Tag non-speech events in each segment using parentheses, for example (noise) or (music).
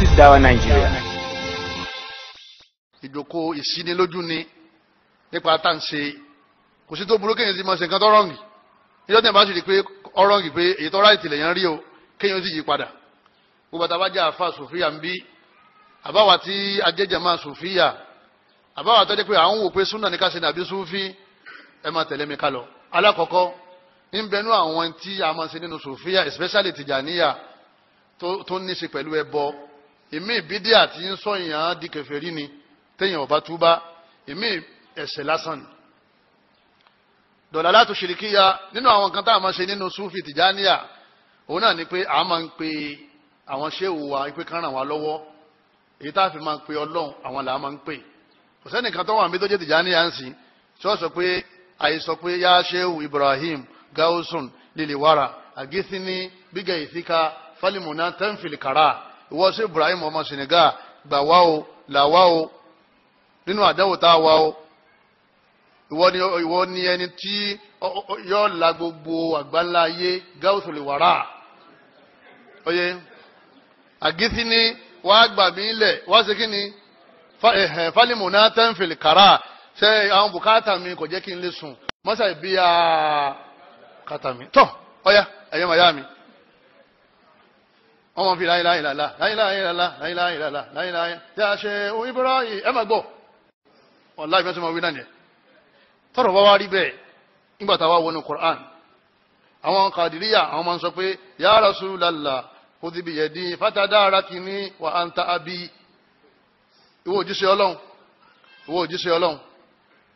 This Dawa Nigeria. Ìjòkó ìsínilójú ni nípa tá à ń ṣe kò sí tó burú kéèyàn sì máa ṣe nǹkan tó rọ̀ǹgì níjọ́ tí a bá sì rí i pé ọ̀rọ̀ǹgì pé èyí tó ráìtì lèèyàn rí o kéèyàn sì yí padà gbogbo àtàwọn ajá àfa sòfíà ń bí àbáwá tí ajẹ́jẹ́ máa sòfíà àbáwá tó jẹ́ pé àwọn wò pé súnà ní ká ṣe nàbí ẹ máa tẹ̀lé mi ká lọ alákọ̀ọ́kọ́ ń bẹnu àwọn tí a máa ṣe nínú sòfíà especially tìjàníyà tó ní í ṣe pẹ̀lú ẹbọ èmi ìbídí àti ń sọ èèyàn di kèfèrí ni téèyàn ọba túbá èmi ẹ̀ṣẹ̀ lásán ni dọ̀là látò ṣìríkíya nínú àwọn nǹkan tá a máa ṣe nínú sufi tìjáníyà òun náà ni pé a máa ń pe àwọn ṣéwù wa pé kán ràn wá lọ́wọ́ èyí tá a fi máa ń pe ọlọ́run àwọn là á máa ń pè kò sẹ́nìkan tó wà mí tó jẹ́ tìjáníyà ń sìn tí wọ́n sọ pé àìsọ pé yá ṣéwù Ibrahim gausun liliwara àgísíní bíga ìsíka fálímùná tẹ́ǹfìlì kàrà ìwọ sí Ibrahim ọmọ Senegal gbà wá o là wá o nínú àdánwò tá a wá o ìwọ ni ìwọ ni ẹni tí yóò la gbogbo àgbáńlá ayé gáúsù lè wàrà oye àgìsí ni wàá gbà mí lẹ̀ wàá ṣe kí ni fálímù náà tẹ́ ń fèlè kàrà ṣe àwọn bùkátà mi kò jẹ́ kí n lè sùn mọ́sà ìbí kàtà mi tọ́ ọ̀ya ẹ̀yẹ́ màyá mi. ma fi láìláì làlá láìláì làlá láìláì làlá láìláì tí a ṣe o Ibrahim ẹ má gbọ́ ma wí náà tọ́rọ̀ bá wá rí bẹ́ẹ̀ nígbàtà wá wọnú Qur'an àwọn kàdìríyà àwọn sọ pé ya Rasulallah kò ti bìyẹ̀ dín fatadára kì ní wà á ń ta abí ìwọ òjíṣẹ́ Ọlọ́run ìwọ òjíṣẹ́ Ọlọ́run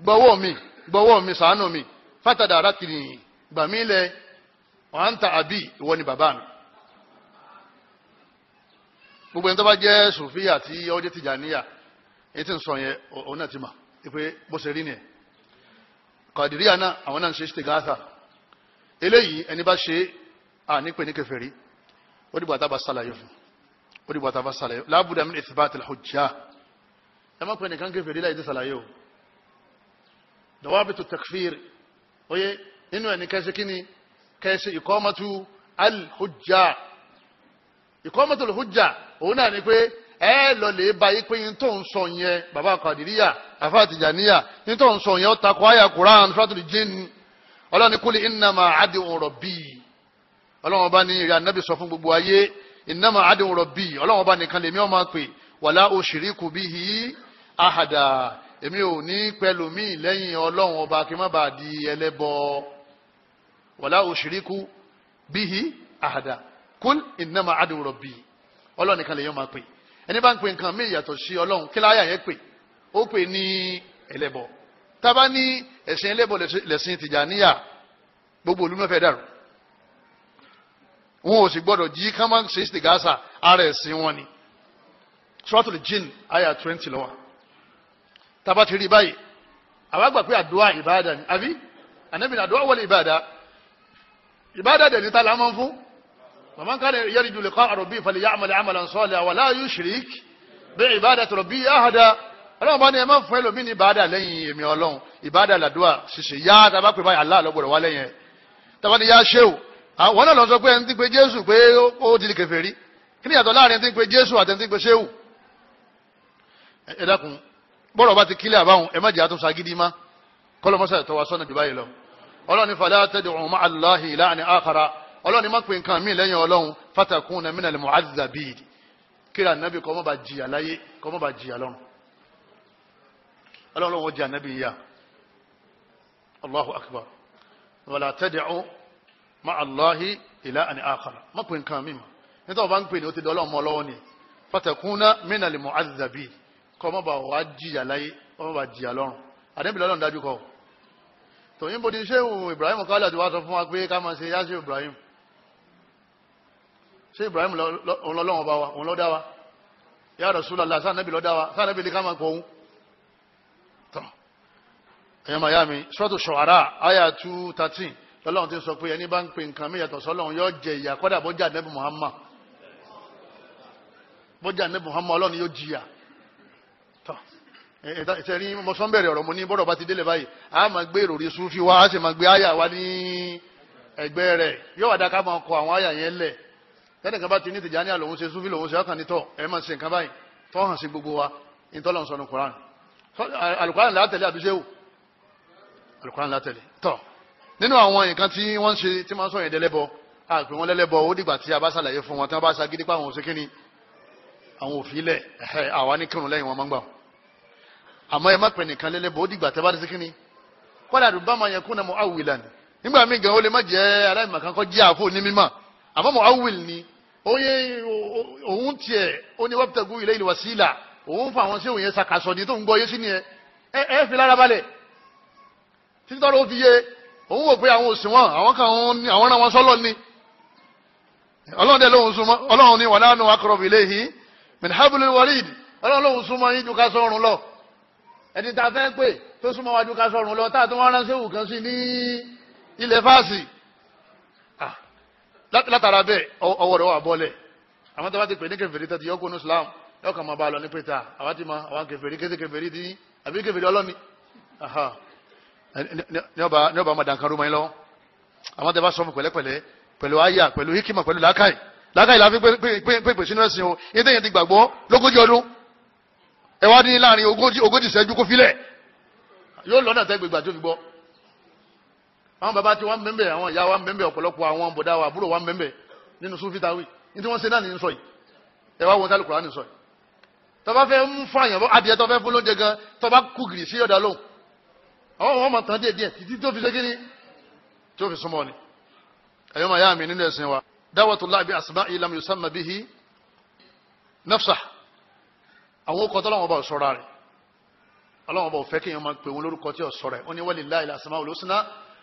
gbọ́wọ́ mi gbọ́wọ́ mi ṣàánú mi fatadára kì ní gbàmílẹ̀ wà á ń ta abí ìwọ ni bàbá mi gbogbo ẹni tó bá jẹ́ sùfíà tí ó jẹ́ tìjàníyà èyí tí ń sọ yẹn òun náà ti mà pé bó ṣe rí nìyẹn kàdìríà náà àwọn náà ń ṣe ṣìgáàtà eléyìí ẹni bá ṣe à ní pé ní kèfèrí ó dìbò àtàbà sàlàyé fún ó dìbò àtàbà sàlàyé lábùdà min ithbat al-hujja ẹ má pè nìkan kèfèrí láì ti sàlàyé o dawabitu takfir oye nínú ẹni kẹsí kíni kẹsí iqamatu al-hujja iqamatu òun náà ni pé ẹ lọ lè ba yí pé yín tó ń sọ yẹn bàbá kàdíríyà àfa àtìjàníyà yín tó ń sọ yẹn ó takò àyà Quran suratul jinn ọlọ́ni kúlì innama ad'u rabbi ọlọ́wọ́n bá ní ìrìn ànábì sọ fún gbogbo ayé innama ad'u rabbi ọlọ́wọ́n bá nìkan lèmi ọmọ pè wala ushriku bihi ahada èmi ò ní pẹ̀lú mi lẹ́yìn ọlọ́run ọba kí má bàa di ẹlẹ́bọ wala ushriku bihi ahada kúl innama ad'u rabbi ọlọ́run nìkan lèèyàn máa pè ẹni bá ń pè nǹkan mí ìyàtọ̀ sí ọlọ́run kí láyà yẹn pè ó pè ní ẹlẹ́bọ tábà ní ẹ̀sìn ẹlẹ́bọ lẹ̀sìn tìjàníyà gbogbo olú náà fẹ́ dàrú wọn ò sì gbọdọ̀ jí kámán sèṣì gàásà ara ẹ̀sìn wọn ni suratul jinn aya twenty lọ́wọ́ tábà ti rí báyìí àwa gbà pé àdúrà ìbáadà ni àbí ànábìnrin àdúrà wọlé ìbáadà ìbáadà dẹ̀ ní ta la máa ń fún màmá kárẹ̀ yẹ́rì jù lè kọ́ àròbí ìfàlẹ̀ yá àmàlẹ̀ àmàlẹ̀ sọ́ọ̀lẹ̀ àwàlá yóò ṣìrík bí ìbádà tọ̀rọ̀ bí àhàdà ọlọ́run bá ní ẹ máa fún ẹlòmíì ní ìbádà lẹ́yìn èmi ọlọ́run ìbádà làdúà ṣiṣẹ́ yá tàbá pè báyìí aláà lọ́gbọ̀rọ̀ wá lẹ́yìn ẹ̀ tàbá ní yá ṣéwù àwọn náà lọ sọ pé ẹni tí ń pe jésù pé ó di kèfèrí kí ni yàtọ̀ láàrin ẹni tí ń pe jésù àti ẹni tí ń pe ṣéwù ẹ dákun bọ́rọ̀ bá ti kílẹ̀ àbáhùn ẹ má àtúnṣe agídí má kọ́lọ́mọ́sà ọlọ́run ni má pe nǹkan míì lẹ́yìn ọlọ́run fatakuna minal mu'azzabin kí ra nàbí kọ́ mọ́ bá jìyà láyé kọ́ mọ́ bá jìyà lọ́run ọlọ́run wọn jìyà nàbí yá allahu akbar wala tad'u ma allahi ila an akhara má pe nǹkan míì mọ́ nítorí bá ń pè ní ó ti dọ́lọ́ ọmọ lọ́wọ́ ni fatakuna minal mu'azzabin kọ́ mọ́ bá wà jìyà láyé kọ́ mọ́ bá jìyà lọ́run àdébìlẹ́ ọlọ́run dájú kọ́ tòyìnbó ti ṣéhùn Ibrahim kálẹ̀ ti wá sọ fún wa pé ká máa ṣe yáṣẹ́ Ibrahim ṣé Ibrahim ọlọ́wọ́n bá wa òun ló dá wa ya Rasulullah sáànẹ́bì ló dá wa sáànẹ́bì lè ká máa pọ̀ òun tán ẹ̀yọ́ miami suratu Shu'ara aya 213 lọ́lọ́run ti sọ pé ẹni bá ń pè nǹkan mí yàtọ̀ sọ́lọ́run yóò jẹ ìyà kọ́dà bọ́jà nẹ́bù Muhammad bọ́jà nẹ́bù Muhammad ọlọ́run yóò jìyà tán ìtẹ̀rí mọ́sánbẹ̀rẹ̀ ọ̀rọ̀ mo ní bọ́rọ̀ bá ti délẹ̀ báyìí a máa gbé ìròrí Sufi wa a sì máa gbé àyà wa ní ẹgbẹ́ rẹ̀ yóò wà dá ká máa kọ àwọn àyà yẹn tẹ́lẹ̀ kan bá ti ní tìjà ní àlòun ṣe súfì lòun ṣe ọkàn nítọ̀ ẹ̀ máa nǹkan báyìí tó sí gbogbo wa ìtọ́lọ̀ ń sọnù koran alukoran látẹ̀lé àbíṣẹ́wò alukoran látẹ̀lé tọ̀ nínú àwọn nǹkan tí wọ́n ṣe tí máa ń sọ̀yìn dẹ́lẹ́bọ àpè wọn lẹ́lẹ́bọ ó dìgbà tí a bá ṣàlàyé fún wọn tí wọ́n bá ṣa gidi pa àwọn òṣèké ni àwọn òfìlẹ̀ ẹ̀hẹ́ àwa ní kírun lẹ́yìn wọn máa ń gbà wọn àmọ́ ẹ má pè nìkan lẹ́lẹ́bọ ó dìgbà tẹ́ bá ṣe kíni kọ́dà àdùbá máa yẹ kó na mọ́ àwìlà nígbà míì gan ó lè má jẹ́ aláìmọ̀kan kọ́ jẹ́ àfọ̀ ní mímọ́ àmọ́ muawil ni oye òun tiẹ̀ ó ní wabtagu ilayil wasila òun fa àwọn sí òun yẹn sàkàsọ̀ ní tó ń gbọ́ yé sí ni ẹ ẹ fi lára balẹ̀ títí tọ́lọ́ fi yé òun wò pé àwọn òsì wọn àwọn kan àwọn náà wọn sọ́lọ́ ni ọlọ́run dẹ̀ lóhun súnmọ́ ọlọ́run ni wàlá nù akọrọ̀bì léhi min hablil warid ọlọ́run lóhun súnmọ́ yín ju ká sọ́run lọ ẹni tá a fẹ́ pè tó súnmọ́ wájú ká sọ́run lọ táà tó wọ́n ránṣẹ́ òkàn sí ní ilẹ̀ fásì látara bẹ́ẹ̀ ọwọ́ rẹ̀ wà bọ́lẹ̀ àwọn tó bá ti pè ní kèfèrí tó ti yọ́kú ní Islam yọ́ kà máa bá lọ ní pété àwọn ti ma àwọn kèfèrí kéde kèfèrí dín àbí kèfèrí ọlọ́ni ní ọba máa dànkan rúmọ́ yín lọ àwọn tó bá sọmù pẹ̀lẹ́pẹ̀lẹ́ pẹ̀lú àyà pẹ̀lú hikima pẹ̀lú làákàyè làákàyè la fi pèpè sínú ẹ̀sìn o yín tẹ̀yìn ti gbàgbọ́ lógójì ọdún ẹ wá ní láàrin ogójì ogójì ìṣẹ́jú kó filẹ̀ yóò lọ́nà tẹ́gbẹ̀gbà tó fi gbọ́ àwọn bàbá tí wọ́n mẹ́mẹ́ àwọn ìyá wa mẹ́mẹ́ ọ̀pọ̀lọpọ̀ àwọn bọ̀dá wa àbúrò wa mẹ́mẹ́ nínú sufi tawi ní tí wọ́n ṣe náà ní sọ yìí ẹ wá wọn tá lùkùrọ̀ sọ yìí tọba fẹ́ mú fún àyànfọ́ adìẹ tọba fún lóúnjẹ gan tọba kú gìrì sí ọ̀dà lóhùn àwọn ọmọ tán díẹ̀ díẹ̀ títí tó fi ṣe kíní tó fi súnmọ́ ni ẹ̀yọ́ máa yá mi nínú ẹ̀sìn wa da'watullahi bi asma'i lam yusamma bihi nafsa àwọn okọ̀ tọ́lọ́wọ́n bá sọ̀rọ̀ rẹ̀ ọlọ́wọ́n bá fẹ́ kí èèyàn máa pè wọn lórúkọ tí ò sọ̀rọ̀ ẹ̀ ó ní walillahil asma'ul husna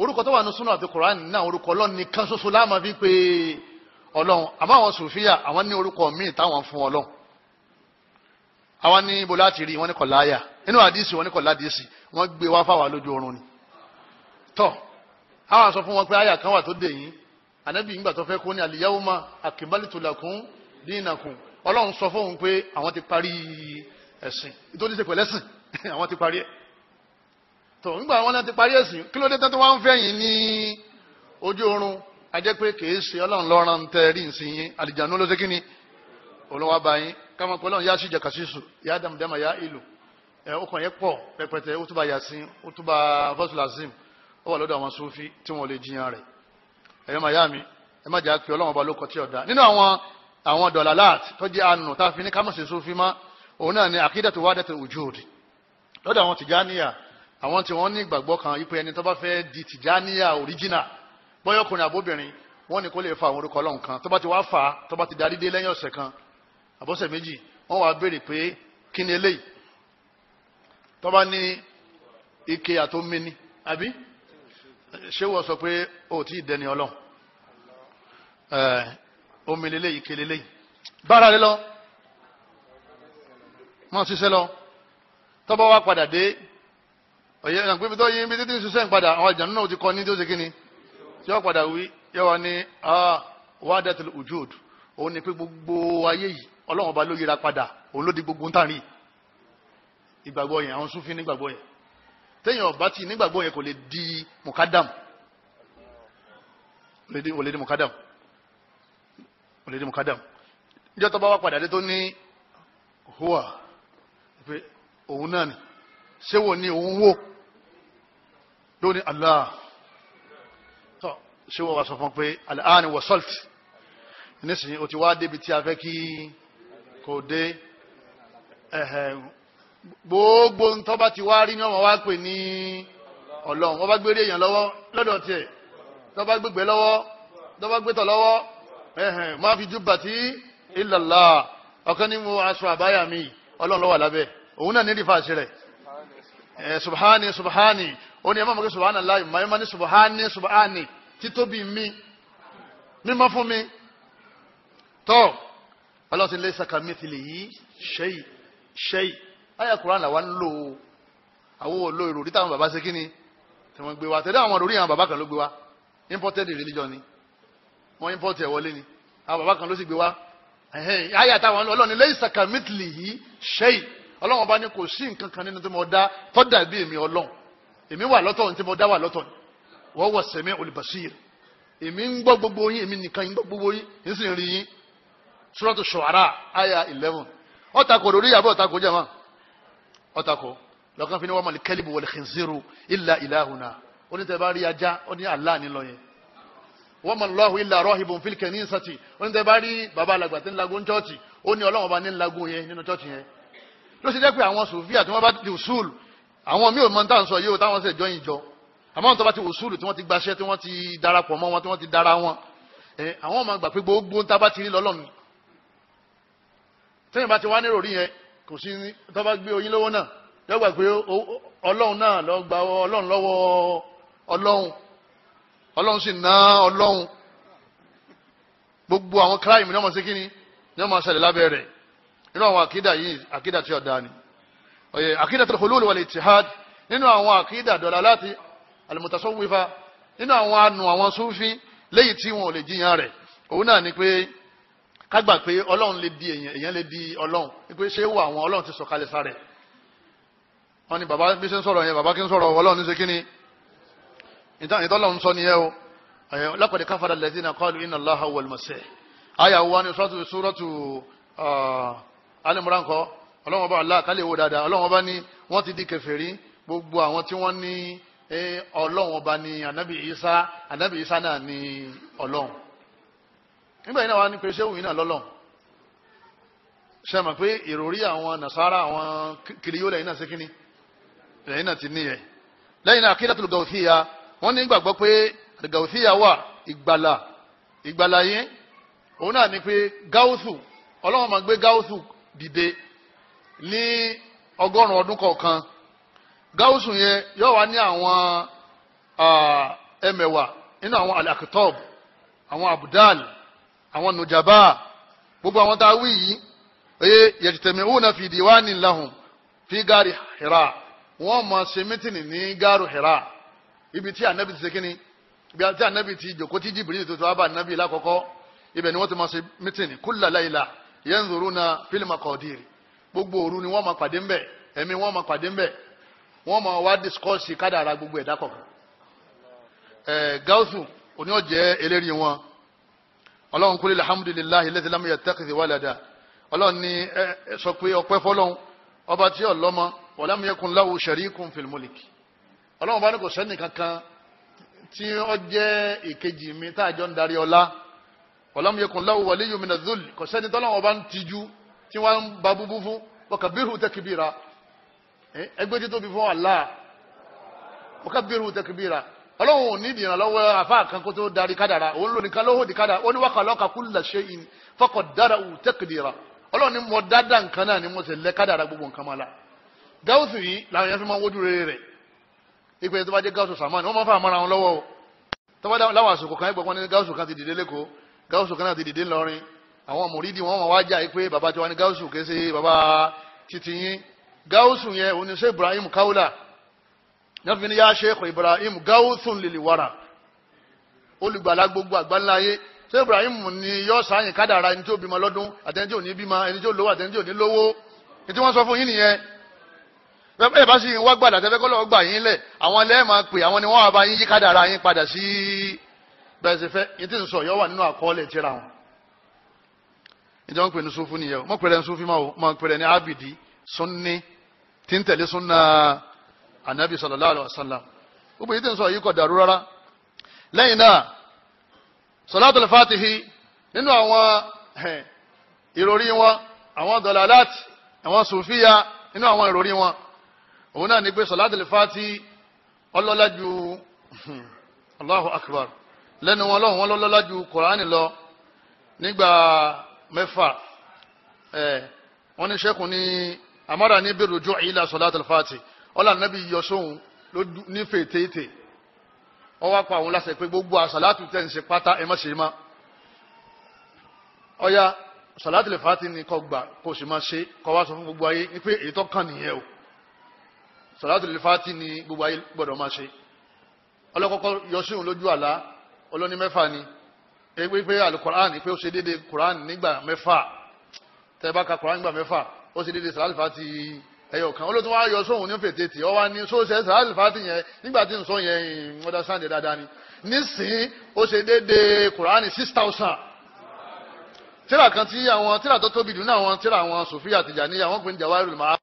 orúkọ tó wà ní súnà àti koran náà orúkọ ọlọ́run nìkan ṣoṣo láàmà fi pé ọlọ́run àmọ́ àwọn sòfíà àwọn ní orúkọ míì táwọn fún ọlọ́run àwọn ní ibo láti rí wọn ní kọláyà nínú àdìsí wọn ní kọládìsí wọn gbé wá fáwa lójú oorun ni tọ àwọn sọ fún wọn pé àyà kan wà tó dé yín ànábì ìgbà tó fẹ́ kó ní àlìyáwómà àkìbálítòlàkún dínàkùn ọlọ́run sọ fóun pé àwọn ti parí ẹ̀sìn ìtòlíṣe pẹ̀lẹ́sìn (laughs) àwọn ti parí ẹ̀ tó nígbà wọn náà ti parí ẹ̀sìn kí ló dé tẹ́tí wọn fẹ́ yín ní ojú oorun ajẹ́ pé kì í ṣe ọlọ́run lọ́ràn ń tẹ́ rí nsìn yín àlìjánu ló ṣe kí ni olùwà bá káwọn pẹ̀lú ọ̀hún yá sí jàkàṣíṣù yá dàmdàmà yá ìlú ẹ̀ ó kàn yẹn pọ̀ pẹpẹtẹ ó túbà yasin ó túbà fọ́sùlàzim ó wà lọ́dọ̀ àwọn sufi tí wọ́n lè jiyàn rẹ̀ ẹ̀yọ́ màyá mi ẹ má jà pé ọlọ́run ọba ló kọ tí ọ̀dà nínú àwọn àwọn dọ̀làláàt tó jẹ́ àánú tá a fi ní kámọ̀sí sufi má òun náà ni àkídàtò wádàtò òjòòdì lọ́dọ̀ àwọn tìjáníyà àwọn tí wọ́n ní ìgbàgbọ́ kan ipò ẹni tó bá fẹ́ di tìjáníyà original bọ́yọ̀kùnrin àbóbìnrin wọ́n ní kó lè fa àwọn orúkọ ọlọ́run kan tó bá ti wá fa tó bá ti darí dé lẹ́yìn ọ̀sẹ̀ kan àbọ̀sẹ̀ méjì wọ́n wá béèrè pé kí ni eléyìí tó bá ní ike àtòmí ni àbí ṣé wọ́n sọ pé ó ti dẹni ọlọ́run omi lélẹ́yìí ike lélẹ́yìí bára rẹ lọ mọ́ ṣiṣẹ́ lọ tó wá padà dé ọ̀yẹ́ ẹ̀gbẹ́ mi tó yín bí títí ṣiṣẹ́ ń padà àwọn àjànú náà ti kọ́ ní tí ó ṣe kíni tí ó padà wí yẹ wa ní ah, wahdatul wujud òun ni pé gbogbo ayé yìí ọlọ́run ọba ló yíra padà òun ló di gbogbo ń tàrí ìgbàgbọ́ yẹn àwọn súnfín nígbàgbọ́ yẹn téèyàn ọba tí nígbàgbọ́ yẹn kò lè di mukadam kò lè di mukadam kò lè di mukadam ìjọ tó bá wá padà dé tó ní hùwà pé òun náà ni ṣé wò ní òun wò lórí Allah tó ṣé wọ́n wá sọ fún pé aláàánì wọ sọ́lt nísìnyí o ti wá débi tí a fẹ́ kí kò dé gbogbo ntọ́ bá ti wá rí ní ọmọ wa pè ní ọlọ́run wọ́n bá gbére èèyàn lọ́wọ́ lọ́dọ̀ tiẹ̀ tọ́ bá gbégbé lọ́wọ́ tọ́ bá gbétọ̀ lọ́wọ́ máa fi júbà tí ìlàlá ọ̀kan ní mo aṣọ àbáyà mi ọlọ́run ló lábẹ́ òun náà ní rífà ṣe rẹ̀ Eh, subhani subhani ó ní ẹ má mọ̀ pé subhanallahi mọ̀ ẹ subhani subhani títóbi mi mímọ́ fún mi tọ́ ọlọ́sí laysa kamithlihi shay shay ayé Kùránì làwọn ń lò ó àwọn ò lo ìròrí táwọn bàbá ṣe kí ni tí wọ́n gbé wa tẹ̀lé àwọn ìròrí àwọn bàbá kan ló gbé wa imported religion ni wọ́n import ẹ̀ wọlé ni àwọn bàbá kan ló sì gbé wa ayé àtàwọn ọlọ́ni laysa kamithlihi shay ọlọ́run ọba ní kò sí nǹkan kan nínú tí mo dá tó dàbí èmi ọlọ́run èmi wà lọ́tọ̀ ní tí mo dá wà lọ́tọ̀ ni wọ́n wọ̀ sẹ́mi olùbàṣír èmi ń gbọ́ gbogbo yín èmi nìkan ń gbọ́ gbogbo yín ń sì rí yín Suratu Shu'ara aya eleven ọ̀tàkọ̀ lórí yàbọ̀ ọ̀tàkọ̀ jẹ́mọ́ ọ̀tàkọ̀ lọ́kàn fi ni wọ́n mọ̀lẹ́ kẹ́líbù wal khinziru illa ilahuna onítẹ̀bá rí ajá ó Allah nílọ yẹn wọ́n mọ̀ lọ́hù ilà rọ́hìbùn fílkẹ̀ ní sàtì onítẹ̀bá rí bàbá alàgbà tí ń lagun ló ṣe jẹ́ pé àwọn sòfíà tí wọ́n bá di usul àwọn míì ò mọ táwọn sọ yìí ó táwọn ṣe jọyìn jọ àwọn tó bá ti usul tí wọ́n ti gbaṣẹ́ tí wọ́n ti darapọ̀ mọ́ wọn tí wọ́n ti dara wọn ẹ àwọn máa gbà pé gbogbo ń tábà ti rí lọ́lọ́run tẹ́yìn bá ti wá nírò rí yẹn kò sí tó bá gbé oyin lọ́wọ́ náà yọ gbà pé ọlọ́run náà lọ gba ọlọ́run lọ́wọ́ ọlọ́run ọlọ́run sì ná ọlọ́run gbogbo àwọn crime ni wọ́n máa ṣe kí ni wọ́n máa ṣẹlẹ̀ lábẹ́ rẹ̀ nínú àwọn àkídà yìí àkídà tí ọ̀dá ni ọ̀yẹ̀ àkídà tó hulul wal ittihad nínú àwọn àkídà dọ̀là láti al-mutasawwifa nínú àwọn anu àwọn sufi léyìí tí wọn ò lè jiyàn rẹ̀ òun náà ni pé kágbà pé ọlọ́run lè di èèyàn èèyàn lè di ọlọ́run ni pé ṣé wà àwọn ọlọ́run ti sọ̀kalẹ̀ sáré wọn ni bàbá bí ṣe ń sọ̀rọ̀ yẹn bàbá kí ń sọ̀rọ̀ ọlọ́run ní ṣe ìtọ́lọ́run sọ alimura ńkọ ọlọ́wọ́n bá Allah kálí ìwò dáadáa ọlọ́wọ́n bá ní wọ́n ti di kèfèrí gbogbo àwọn tí wọ́n ní ọlọ́wọ́n bá ní anabi isa anabi isa náà ní ọlọ́wọ́n nígbà yìí náà wà ní pé sẹ́wù yìí náà lọ́lọ́wọ́n sẹ́mọ̀ pé ìròrí àwọn nasara àwọn kiriyó lẹ́yìn náà sékíní lẹ́yìn náà ti níyẹ lẹ́yìn náà akídàtúlù gàùsíyà wọ́n ní gbàgbọ́ pé gàùsíyà wà ìgbàlà ìgbàlà yẹn òun náà ni pé gáúsù ọlọ́wọ́n máa gbé gáúsù dìde ní ọgọ́rùn-ún ọdún kọ̀ọ̀kan gáúsù yẹn yóò wá ní àwọn ẹmẹ̀wà nínú àwọn alakitob àwọn abudal àwọn nujaba gbogbo àwọn tá a wí yìí oye yajtami'una fi diwani lahum fi gari hira wọ́n máa ṣe mítìnì ní gari hira ibi tí anabi ti ṣe kíni ibi tí anabi ti jòkó tí jìbìrì tó tó wá bá anabi lákọ̀ọ́kọ́ ibẹ̀ ni wọ́n ti máa ṣe mítìnì kulla layla yanzuruna fil maqadir gbogbo òru ni wọ́n máa pàdé ńbẹ̀ ẹ̀mí wọ́n máa pàdé ńbẹ̀ wọ́n máa wá discourse kádàrá gbogbo ẹ̀dá kọ̀ọ̀kan ẹ̀ gáúsù òní ọ̀jẹ́ eléri wọn ọlọ́run kúlẹ̀ alhamdulillahi alladhi lam yattakhidh walada ọlọ́run ni ẹ sọ pé ọpẹ́ fọlọ́run ọba tí ọlọ́mọ wa lam yakun lahu sharikun fil mulk ọlọ́run bá ní kò sẹ́nì kankan tí ó ìkejì mi táàjọ ń darí ọlá kọlọ́mù yẹ kùn láwù wàlíyù mi nà zul kò sẹ́ni tọ́lọ́mù ọba ń tijú tí wọ́n ń ba búbú fún wọ́n kà bírù tẹ́kìbìrà ẹgbẹ́ tí tóbi fún Allah wọ́n kà bírù tẹ́kìbìrà ọlọ́run ò ní ìdìyàn lọ́wọ́ àfa kan kó tó darí kádàrà òun lò nìkan lóhùn dìkádà ó ní wákà lọ́kà kulla shay'in fọkọ̀ dára ò tẹ́kìdìrà ọlọ́run ni mo dáadáa nǹkan náà ni mo sì lẹ́ kádàrà gbogbo nǹkan máa la gáúsù yìí làwọn yẹn fi máa ń wójú rere rẹ̀ ìpè tó bá dé gáúsù sàmánì wọ́n máa fà mára wọn lọ́wọ́ o tó gáúsù kan náà ti dìde ńlọrin àwọn mùrídìí wọn wá jà pé baba tiwa ni gáúsù kìí ṣe titi yín gáúsù yẹn òun Ibrahim Kaula náà fi ni yá ṣe Ibrahim gáúsù lèlè wàrà olùgbàlà gbogbo àgbáńlá ayé ṣé Ibrahim ni yọ sáyìn kádàrà ẹni tí ó bímọ lọ́dún àtẹni tí ò ní bímọ ẹni tí ó lówó àtẹni tí ò ní lówó ní tí wọ́n sọ fún yín nìyẹn bẹ́ẹ̀ bá sì wá gbàdà tẹ́fẹ́ kọ́ gbà yín lẹ̀ àwọn lẹ́ẹ̀ máa pè àwọn ni wọ́n wá bá yín yí kádàrà yín padà sí bẹ́ẹ̀ ṣe fẹ́ yìí tí ń sọ yọ wà nínú àkọọ́lẹ̀ tíra wọn ìjọ ń pè ní sunfún nìyẹn o mọ̀ pẹ̀lẹ́ ní sunfún máa o mọ̀ pẹ̀lẹ́ ní abidi sunni tí ń tẹ̀lé sunna anabi sallallahu alayhi wa sallam gbogbo yìí tí ń sọ yìí kò dàrú rárá lẹ́yìn náà salatul fatihi nínú àwọn ìròrí wọn àwọn dalalat àwọn sufiya nínú àwọn ìròrí wọn òun náà ni pé salatul fatihi ọlọ́lá ju (laughs) allahu akbar lẹ́nu wọn lọ́wọ́ wọn lọ́lọ́lá ju kùránì lọ nígbà mẹ́fà ẹ̀ wọ́n ní sẹ́kùn ní amara ní bẹ̀rù ojú ìlà sọ̀lá tàlfàtì ọlá nàbí yọ sóhun ní fètètè wọ́n wá pa àwọn láṣẹ pé gbogbo àṣàlátù tẹ̀ ń ṣe pátá ẹ má ṣe má ọya sọ̀lá tàlfàtì ni kò gbà kò sì má ṣe kò wá sọ fún gbogbo ayé pé èyí tó kàn nìyẹn o sọ̀lá tàlfàtì ni gbogbo ayé gbọ́dọ̀ má ṣe ọlọ́kọ́kọ́ yọ sóhun lójú àlá olóní mẹ́fà ni ewé pé alukoran pé ó ṣe déédéé koran nígbà mẹ́fà tẹ́ bá ka koran nígbà mẹ́fà ó ṣe déédéé sàlálìfà ti ẹyọ kan olóòtú wa yọ sóhun ní fètè tì ọ wá ní sóṣẹ sàlálìfà ti yẹn nígbà tí n sọ yẹn ọdá hmm, sáǹdẹ dáadáa ni nísìnyí ó ṣe déédéé koran six thousand tíra kan tí àwọn tíra tó tóbi dùn ní àwọn tíra àwọn sòfíà tìjà níyà wọn pè ní jawaru